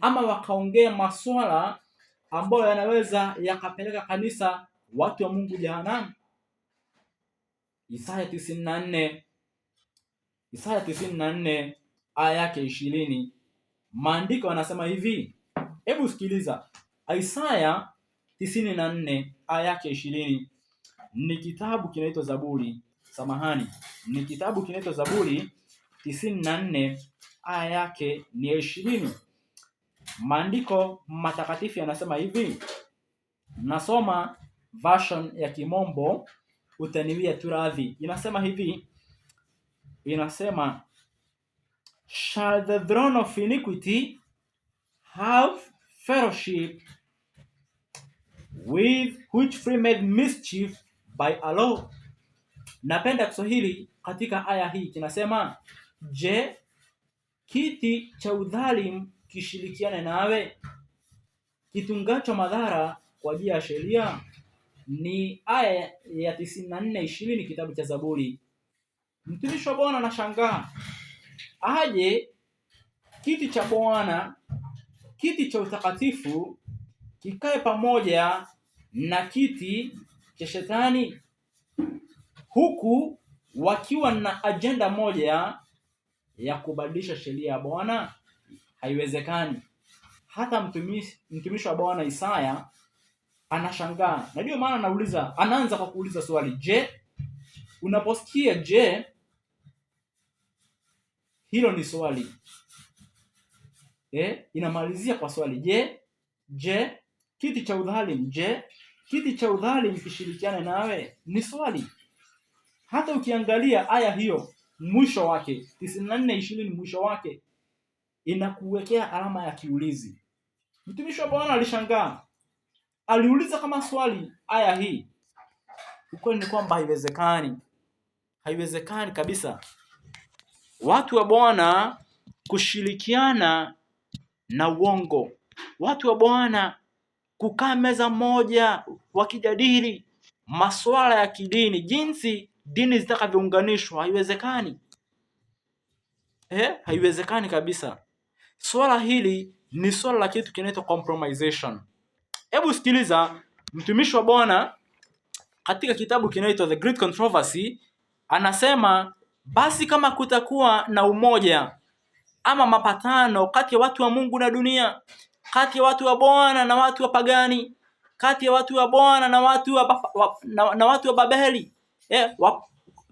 ama wakaongea masuala ambayo yanaweza yakapeleka kanisa watu wa Mungu jehanamu. Isaya tisini na nne Isaya 94 aya yake ishirini maandiko yanasema hivi, hebu sikiliza. Isaya tisini na nne aya yake ishirini ni kitabu kinaitwa Zaburi, samahani, ni kitabu kinaitwa Zaburi tisini na nne aya yake ni ya ishirini. Maandiko matakatifu yanasema hivi, nasoma version ya Kimombo, utaniwia turadhi. Inasema hivi, inasema shall the throne of iniquity have fellowship with which free made mischief by a law. Napenda Kiswahili katika aya hii kinasema, je, kiti cha udhalimu kishirikiane nawe. Kitungacho madhara kwa ajili ya sheria ni aya ya tisini na nne ishirini kitabu cha Zaburi. Mtumishi wa Bwana anashangaa aje kiti cha Bwana, kiti cha utakatifu kikae pamoja na kiti cha shetani, huku wakiwa na ajenda moja ya kubadilisha sheria ya Bwana haiwezekani. Hata mtumishi mtumishi wa Bwana Isaya anashangaa, na ndio maana anauliza, anaanza kwa kuuliza swali, je, unaposikia je, hilo ni swali eh, inamalizia kwa swali je. Je, kiti cha udhalimu, je, kiti cha udhalimu kishirikiane nawe? Ni swali. Hata ukiangalia aya hiyo mwisho wake 94 20 mwisho wake inakuwekea alama ya kiulizi. Mtumishi wa Bwana alishangaa, aliuliza kama swali aya hii. Ukweli ni kwamba haiwezekani, haiwezekani kabisa watu wa Bwana kushirikiana na uongo, watu wa Bwana kukaa meza moja wakijadili masuala ya kidini, jinsi dini zitakavyounganishwa. Haiwezekani eh, haiwezekani kabisa. Swala hili ni swala la kitu kinaitwa compromisation. Hebu sikiliza mtumishi wa Bwana katika kitabu kinaitwa The Great Controversy anasema, basi kama kutakuwa na umoja ama mapatano kati ya watu wa Mungu na dunia, kati ya watu wa Bwana na watu wa pagani, kati ya watu wa Bwana na watu wa, wa, na, na watu wa Babeli eh, wa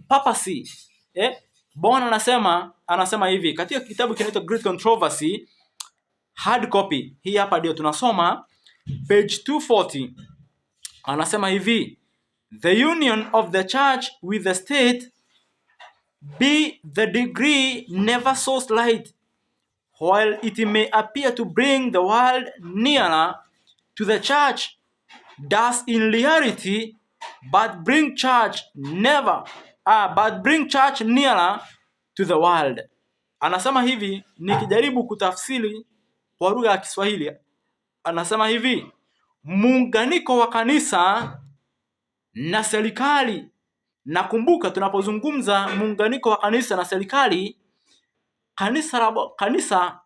papasi eh, Bowen anasema anasema hivi katika kitabu kinaitwa Great Controversy hard copy, hii hapa ndio tunasoma page 240. Anasema hivi the union of the church with the state be the degree never so slight while it may appear to bring the world nearer to the church does in reality but bring church never ah, but bring church nearer to the world. Anasema hivi, nikijaribu kutafsiri kwa lugha ya Kiswahili, anasema hivi, muunganiko wa kanisa na serikali. Nakumbuka tunapozungumza muunganiko wa kanisa na serikali, kanisa la kanisa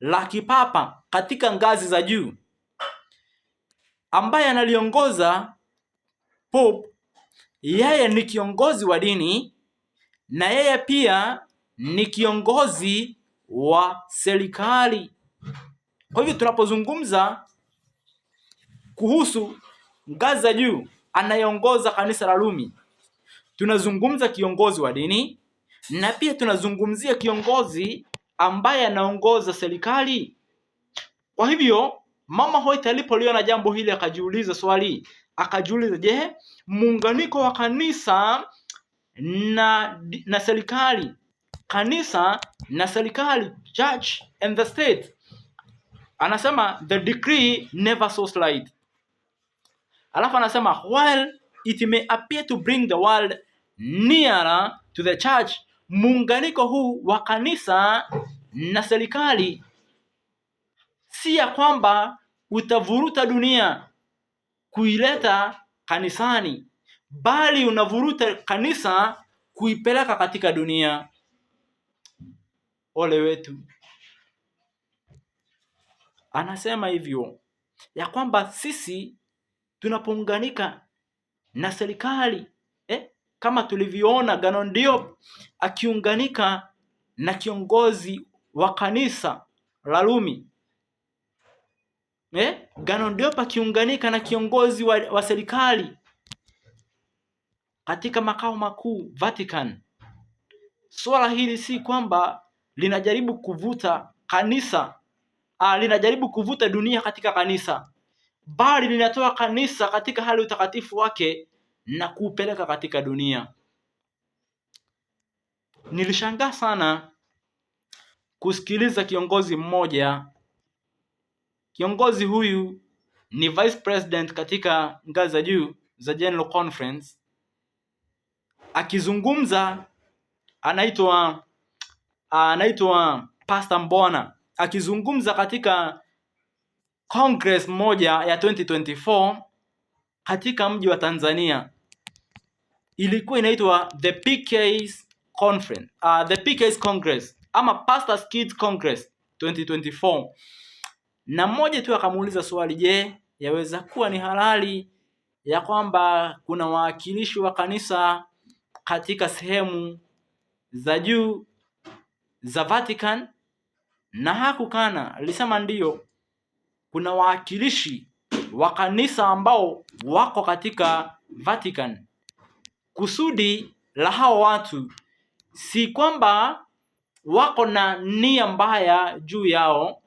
la kipapa katika ngazi za juu ambaye analiongoza Pope yeye ni kiongozi wa dini na yeye pia ni kiongozi wa serikali. Kwa hivyo tunapozungumza kuhusu ngazi za juu anayeongoza kanisa la Rumi, tunazungumza kiongozi wa dini na pia tunazungumzia kiongozi ambaye anaongoza serikali. Kwa hivyo mama Hoyt alipoliona jambo hili akajiuliza swali, akajiuliza, je, muunganiko wa kanisa na na serikali, kanisa na serikali, church and the state. Anasema the decree never saw slide. Alafu anasema while it may appear to bring the world nearer to the church, muunganiko huu wa kanisa na serikali si ya kwamba utavuruta dunia kuileta kanisani, bali unavuruta kanisa kuipeleka katika dunia. Ole wetu! Anasema hivyo ya kwamba sisi tunapounganika na serikali eh, kama tulivyoona Gano akiunganika na kiongozi wa kanisa la Rumi eh? Gano Diop akiunganika na kiongozi wa, wa serikali katika makao makuu Vatican. Swala hili si kwamba linajaribu kuvuta kanisa a, ah, linajaribu kuvuta dunia katika kanisa, bali linatoa kanisa katika hali utakatifu wake na kuupeleka katika dunia. Nilishangaa sana kusikiliza kiongozi mmoja Kiongozi huyu ni vice president katika ngazi za juu za General Conference. Akizungumza anaitwa anaitwa Pastor Mbona akizungumza katika Congress moja ya 2024 katika mji wa Tanzania ilikuwa inaitwa the PK's Conference, uh, the PK's Congress ama Pastors Kids Congress 2024 na mmoja tu akamuuliza swali, je, yaweza kuwa ni halali ya kwamba kuna wawakilishi wa kanisa katika sehemu za juu za Vatican? Na hakukana, alisema ndiyo, kuna wawakilishi wa kanisa ambao wako katika Vatican. Kusudi la hao watu si kwamba wako na nia mbaya juu yao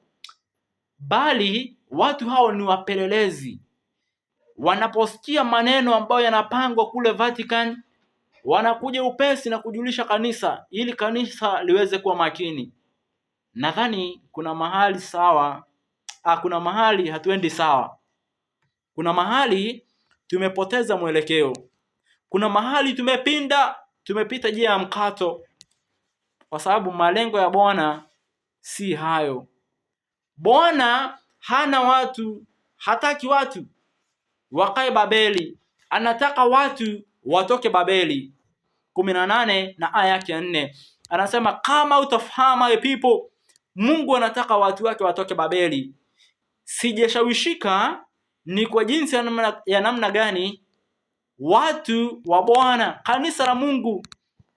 bali watu hao ni wapelelezi. Wanaposikia maneno ambayo yanapangwa kule Vatican, wanakuja upesi na kujulisha kanisa ili kanisa liweze kuwa makini. Nadhani kuna mahali sawa ah, kuna mahali hatuendi sawa, kuna mahali tumepoteza mwelekeo, kuna mahali tumepinda, tumepita njia ya mkato, kwa sababu malengo ya Bwana si hayo. Bwana hana watu, hataki watu wakae Babeli, anataka watu watoke Babeli. kumi na nane na aya yake ya nne anasema kama utafahamu people, Mungu anataka watu wake watoke Babeli. Sijashawishika ni kwa jinsi ya namna, ya namna gani watu wa Bwana, kanisa la Mungu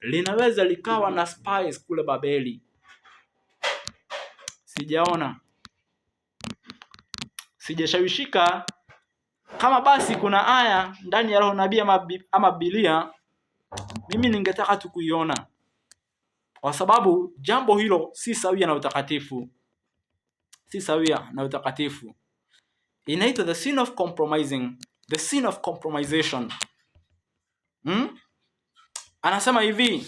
linaweza likawa na spies kule Babeli. Sijaona sijashawishika kama basi kuna aya ndani ya roho nabii ama, bilia Biblia mimi ningetaka tu kuiona, kwa sababu jambo hilo si sawia na utakatifu, si sawia na utakatifu. Inaitwa the sin of compromising, the sin of compromisation. Hmm? Anasema hivi,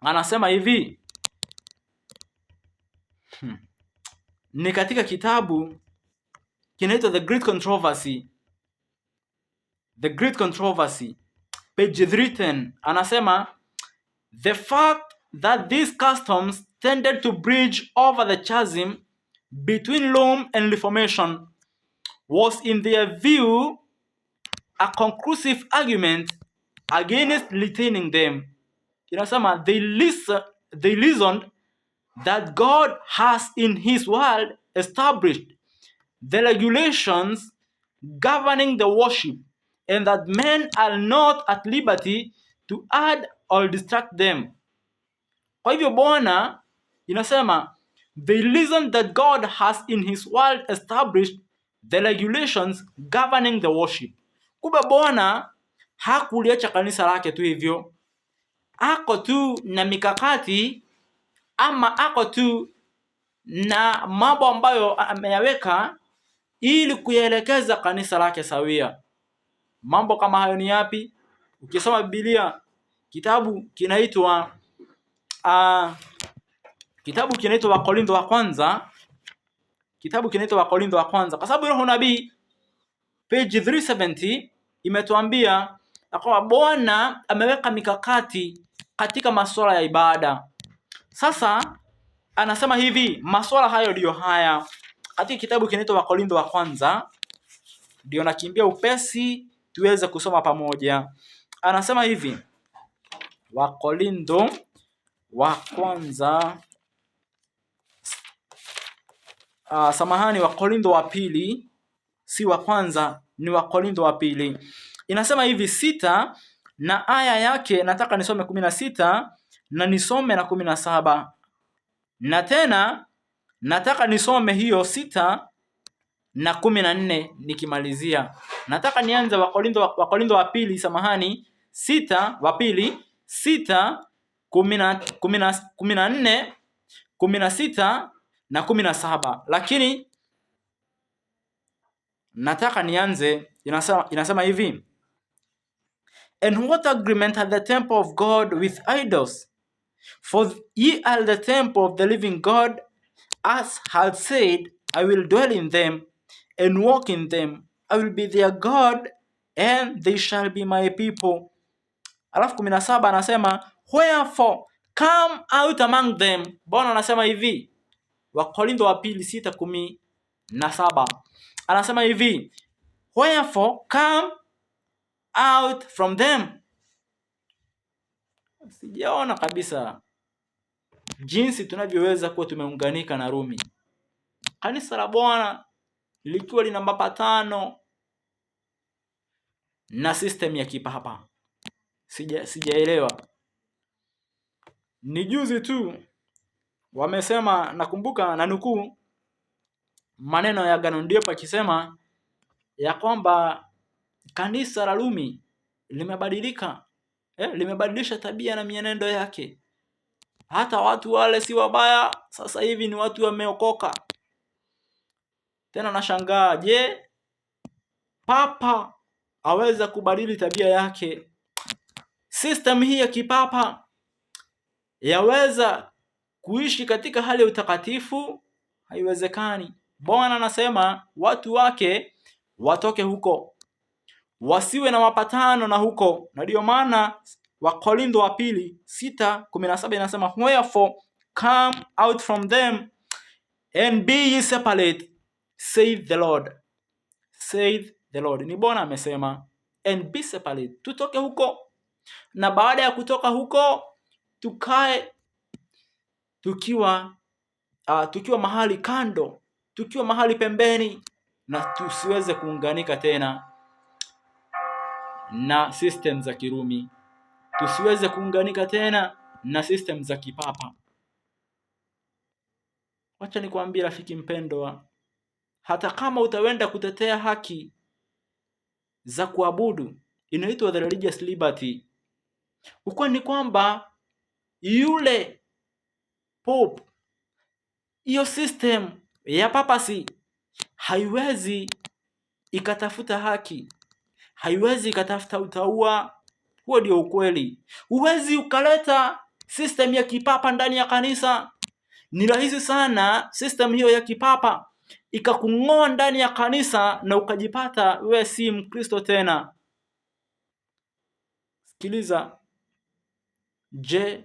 anasema hivi hmm. Ni katika kitabu kinaitwa The Great Controversy. The Great Controversy, page 310, anasema the fact that these customs tended to bridge over the chasm between Rome and Reformation was in their view a conclusive argument against retaining them. Inasema they listen, they reasoned that God has in his world established the regulations governing the worship, and that men are not at liberty to add or distract them. Kwa hivyo Bwana inasema the reason that God has in his world established the regulations governing the worship. Kumbe Bwana hakuliacha kanisa lake tu hivyo, ako tu na mikakati ama ako tu na mambo ambayo ameyaweka ili kuyaelekeza kanisa lake sawia. Mambo kama hayo ni yapi? Ukisoma Biblia, kitabu kinaitwa uh, kitabu kinaitwa Wakorintho wa kwanza, kitabu kinaitwa Wakorintho wa kwanza, kwa sababu roho nabii page 370 imetuambia kwamba Bwana ameweka mikakati katika masuala ya ibada. Sasa anasema hivi, masuala hayo ndiyo haya katika kitabu kinaitwa Wakorintho wa kwanza, ndio nakimbia upesi tuweze kusoma pamoja. Anasema hivi Wakorintho wa kwanza uh, samahani, Wakorintho wa pili, si wa kwanza, ni Wakorintho wa pili. Inasema hivi sita na aya yake nataka nisome kumi na sita na nisome na kumi na saba na tena nataka nisome hiyo sita na kumi na nne nikimalizia. Nataka nianze Wakorintho Wakorintho wa pili, samahani, sita wa pili sita kumi na nne kumi na sita na kumi na saba lakini nataka nianze, inasema, inasema hivi And what agreement had the temple of God with idols? For ye are the temple of the living God as hath said, I will dwell in them and walk in them, I will be their God and they shall be my people. Alafu kumi na saba anasema wherefore come out among them. Bwana anasema hivi, Wakorintho wa pili sita kumi na saba anasema hivi wherefore come out from them. Sijaona kabisa jinsi tunavyoweza kuwa tumeunganika na Rumi. Kanisa la Bwana likiwa lina mapatano na system ya kipapa. Sija sijaelewa, ni juzi tu wamesema, nakumbuka na nukuu maneno ya Gano ndio pakisema ya kwamba kanisa la Rumi limebadilika eh, limebadilisha tabia na mienendo yake hata watu wale si wabaya, sasa hivi ni watu wameokoka. Tena nashangaa, je, papa aweza kubadili tabia yake? System hii ya kipapa yaweza kuishi katika hali ya utakatifu? Haiwezekani. Bwana anasema watu wake watoke huko, wasiwe na mapatano na huko, na ndiyo maana Wakorintho wa pili 6:17 inasema wherefore come out from them and be ye separate saith the Lord saith the Lord. Ni Bwana amesema and be separate, tutoke huko na baada ya kutoka huko tukae tukiwa uh, tukiwa mahali kando, tukiwa mahali pembeni, na tusiweze kuunganika tena na system za Kirumi tusiweze kuunganika tena na system za kipapa. Wacha nikwambie rafiki mpendwa, hata kama utaenda kutetea haki za kuabudu inaitwa the religious liberty. Ukweli ni kwamba yule pope, hiyo system ya papasi haiwezi ikatafuta haki, haiwezi ikatafuta utaua huo ndio ukweli. Huwezi ukaleta system ya kipapa ndani ya kanisa. Ni rahisi sana system hiyo ya kipapa ikakung'oa ndani ya kanisa na ukajipata wewe si Mkristo tena. Sikiliza, je,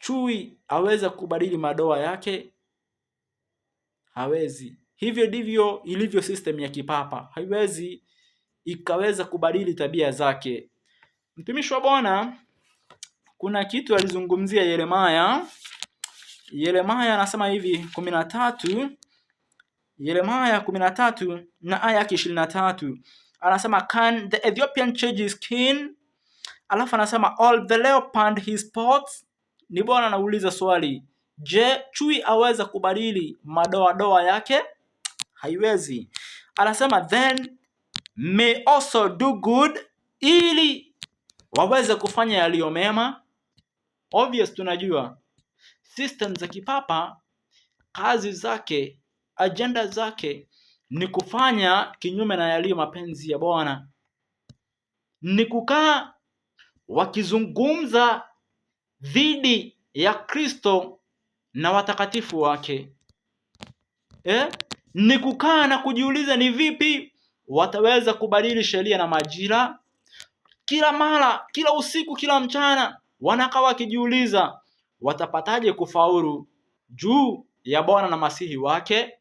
chui aweza kubadili madoa yake? Hawezi. Hivyo ndivyo ilivyo system ya kipapa, haiwezi ikaweza kubadili tabia zake. Mtumishi wa Bwana kuna kitu alizungumzia Yeremaya. Yeremaya anasema hivi kumi na tatu Yeremaya kumi na tatu na aya ya ishirini na tatu anasema can the Ethiopian change his skin? Alafu anasema all the leopard his spots. Ni Bwana anauliza swali, je, chui aweza kubadili madoadoa yake? Haiwezi. Anasema then may also do good, ili waweze kufanya yaliyo mema. Obvious, tunajua system za kipapa kazi zake, ajenda zake ni kufanya kinyume na yaliyo mapenzi ya Bwana, ni kukaa wakizungumza dhidi ya Kristo na watakatifu wake eh? Ni kukaa na kujiuliza ni vipi wataweza kubadili sheria na majira kila mara, kila usiku, kila mchana wanakawa wakijiuliza watapataje kufaulu juu ya Bwana na masihi wake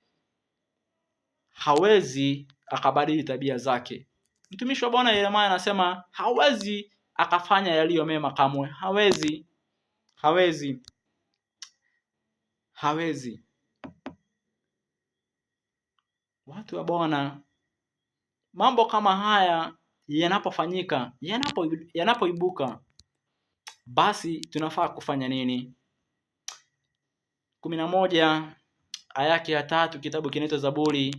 hawezi akabadili tabia zake. Mtumishi wa Bwana Yeremia anasema hawezi akafanya yaliyo mema kamwe, hawezi, hawezi, hawezi. Watu wa Bwana, mambo kama haya yanapofanyika, yanapo yanapoibuka, basi tunafaa kufanya nini? kumi na moja aya yake ya tatu kitabu kinaitwa Zaburi.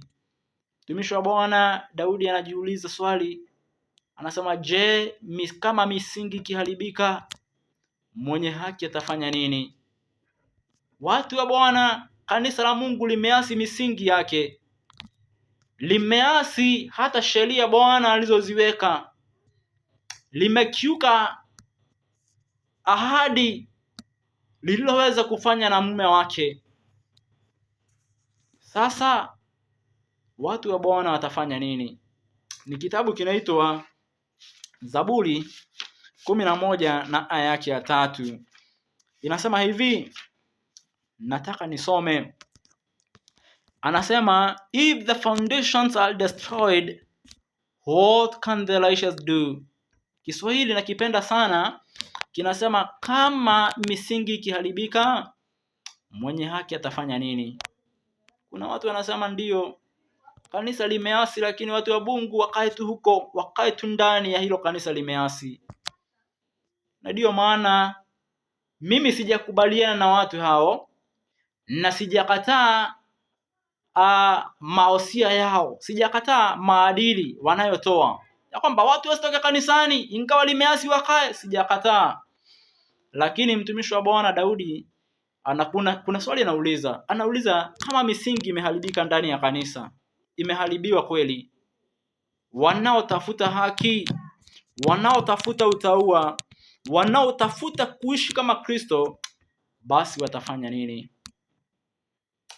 Mtumishi wa Bwana Daudi anajiuliza swali, anasema je, mis, kama misingi ikiharibika mwenye haki atafanya nini? Watu wa Bwana, kanisa la Mungu limeasi misingi yake, limeasi hata sheria Bwana alizoziweka, limekiuka ahadi lililoweza kufanya na mume wake. Sasa watu wa Bwana watafanya nini? Ni kitabu kinaitwa Zaburi kumi na moja na aya yake ya tatu inasema hivi, nataka nisome anasema if the foundations are destroyed what can the righteous do kiswahili nakipenda sana kinasema kama misingi ikiharibika mwenye haki atafanya nini kuna watu wanasema ndiyo kanisa limeasi lakini watu wa Mungu wakae tu huko wakae tu ndani ya hilo kanisa limeasi na ndiyo maana mimi sijakubaliana na watu hao na sijakataa uh, maosia yao, sijakataa maadili wanayotoa ya kwamba watu wasitoke kanisani ingawa limeasi wakae, sijakataa. Lakini mtumishi wa Bwana Daudi anakuna, kuna, swali anauliza, anauliza kama misingi imeharibika ndani ya kanisa, imeharibiwa kweli, wanaotafuta haki, wanaotafuta utaua wanaotafuta kuishi kama Kristo, basi watafanya nini?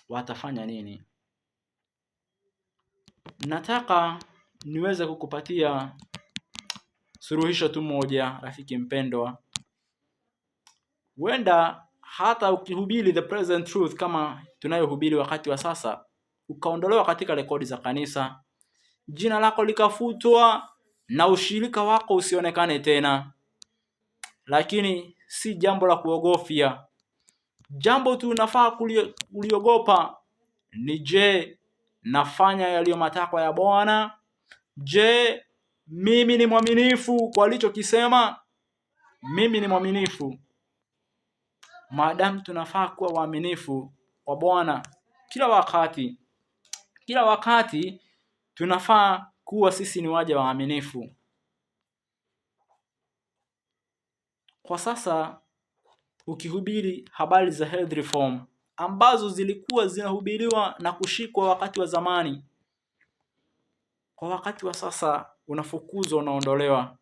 Watafanya nini? Nataka niweze kukupatia suluhisho tu moja, rafiki mpendwa. Huenda hata ukihubiri the present truth kama tunayohubiri wakati wa sasa, ukaondolewa katika rekodi za kanisa, jina lako likafutwa na ushirika wako usionekane tena. Lakini si jambo la kuogofya. Jambo tu unafaa kuliogopa ni je, nafanya yaliyo matakwa ya Bwana? Je, mimi ni mwaminifu kwa alichokisema? Mimi ni mwaminifu. Maadamu tunafaa kuwa waaminifu kwa Bwana kila wakati, kila wakati tunafaa kuwa sisi ni waja waaminifu. Kwa sasa ukihubiri habari za health reform ambazo zilikuwa zinahubiriwa na kushikwa wakati wa zamani, kwa wakati wa sasa unafukuzwa, unaondolewa.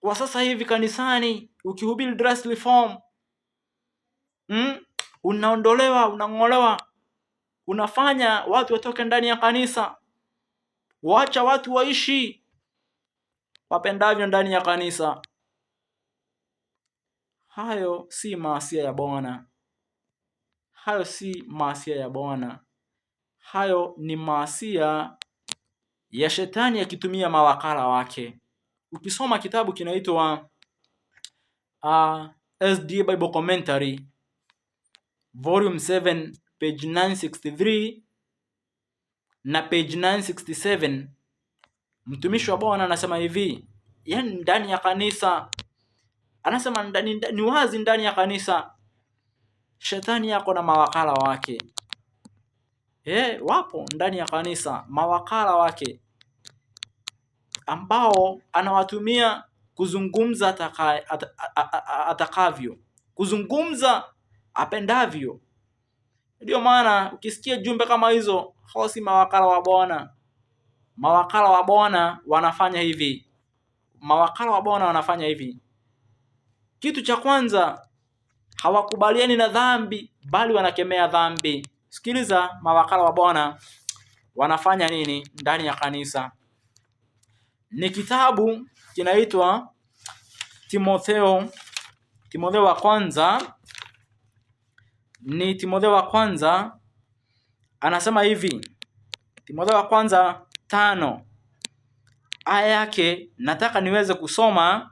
Kwa sasa hivi kanisani ukihubiri dress reform mm, unaondolewa, unang'olewa, unafanya watu watoke ndani ya kanisa, wacha watu waishi wapendavyo ndani ya kanisa. Hayo si maasia ya Bwana hayo si maasia ya Bwana, hayo ni maasia ya shetani akitumia mawakala wake. Ukisoma kitabu kinaitwa uh, SDA Bible Commentary volume 7 page 963 na page 967, mtumishi wa Bwana anasema hivi, yani ndani ya kanisa, anasema ndani, ni wazi ndani ya kanisa Shetani yako na mawakala wake e, wapo ndani ya kanisa mawakala wake ambao anawatumia kuzungumza ataka, at, at, atakavyo kuzungumza apendavyo. Ndio maana ukisikia jumbe kama hizo, hao si mawakala wa Bwana. Mawakala wa Bwana wanafanya hivi, mawakala wa Bwana wanafanya hivi. Kitu cha kwanza hawakubaliani na dhambi, bali wanakemea dhambi. Sikiliza, mawakala wa Bwana wanafanya nini ndani ya kanisa? Ni kitabu kinaitwa Timotheo, Timotheo wa kwanza, ni Timotheo wa kwanza anasema hivi, Timotheo wa kwanza tano aya yake nataka niweze kusoma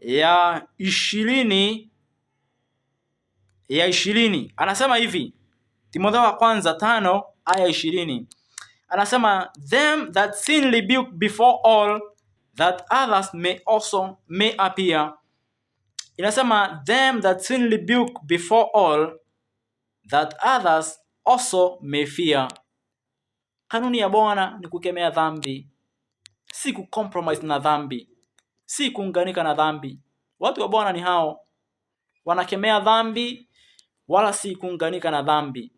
ya ishirini ya ishirini anasema hivi, Timotheo wa kwanza tano aya ishirini anasema them that sin rebuke before all that others may also may appear. Inasema them that sin rebuke before all that others also may fear. Kanuni ya Bwana ni kukemea dhambi, si kucompromise na dhambi, si kuunganika na dhambi. Watu wa Bwana ni hao, wanakemea dhambi wala si kuunganika na dhambi.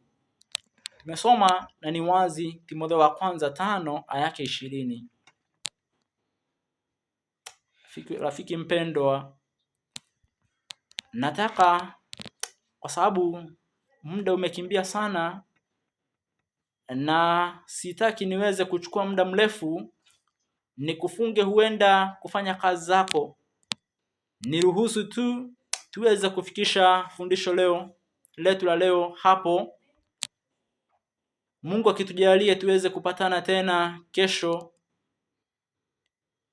Tumesoma na ni wazi Timotheo wa kwanza tano aya yake ishirini. Rafiki mpendwa, nataka kwa sababu muda umekimbia sana na sitaki niweze kuchukua muda mrefu, nikufunge huenda kufanya kazi zako. Niruhusu tu tuweze kufikisha fundisho leo letu la leo hapo. Mungu akitujalia tuweze kupatana tena kesho,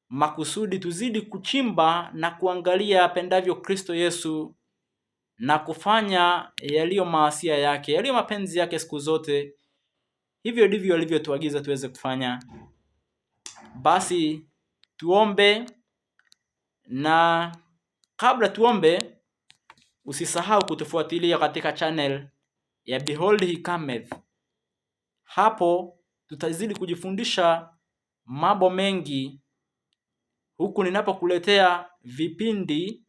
makusudi tuzidi kuchimba na kuangalia pendavyo Kristo Yesu na kufanya yaliyo maasia yake, yaliyo mapenzi yake siku zote. Hivyo ndivyo alivyotuagiza tuweze kufanya. Basi tuombe, na kabla tuombe Usisahau kutufuatilia katika channel ya Behold He Cometh. Hapo tutazidi kujifundisha mambo mengi, huku ninapokuletea vipindi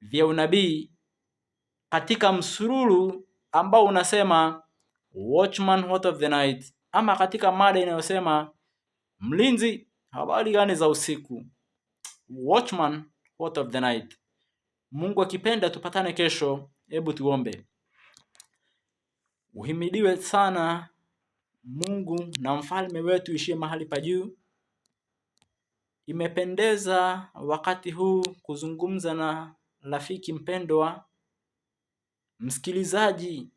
vya unabii katika msururu ambao unasema Watchman Hot of the Night, ama katika mada inayosema mlinzi habari gani za usiku. Watchman Hot of the Night. Mungu akipenda tupatane kesho. Hebu tuombe. Uhimidiwe sana Mungu na mfalme wetu ishie mahali pa juu. Imependeza wakati huu kuzungumza na rafiki mpendwa, msikilizaji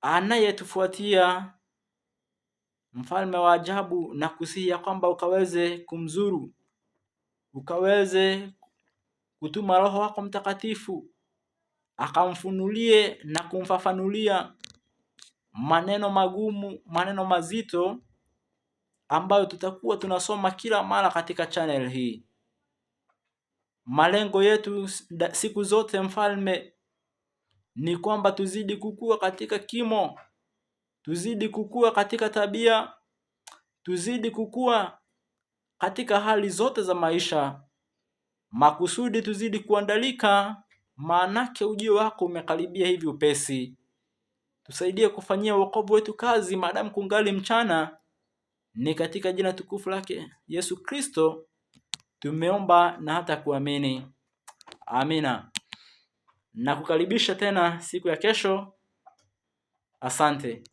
anayetufuatia mfalme wa ajabu, na kusihi ya kwamba ukaweze kumzuru, ukaweze kutuma Roho wako Mtakatifu akamfunulie na kumfafanulia maneno magumu, maneno mazito ambayo tutakuwa tunasoma kila mara katika channel hii. Malengo yetu siku zote mfalme ni kwamba tuzidi kukua katika kimo, tuzidi kukua katika tabia, tuzidi kukua katika hali zote za maisha makusudi tuzidi kuandalika, maanake ujio wako umekaribia hivi upesi. Tusaidie kufanyia wokovu wetu kazi maadamu kungali mchana. Ni katika jina tukufu lake Yesu Kristo tumeomba na hata kuamini, amina. Nakukaribisha tena siku ya kesho. Asante.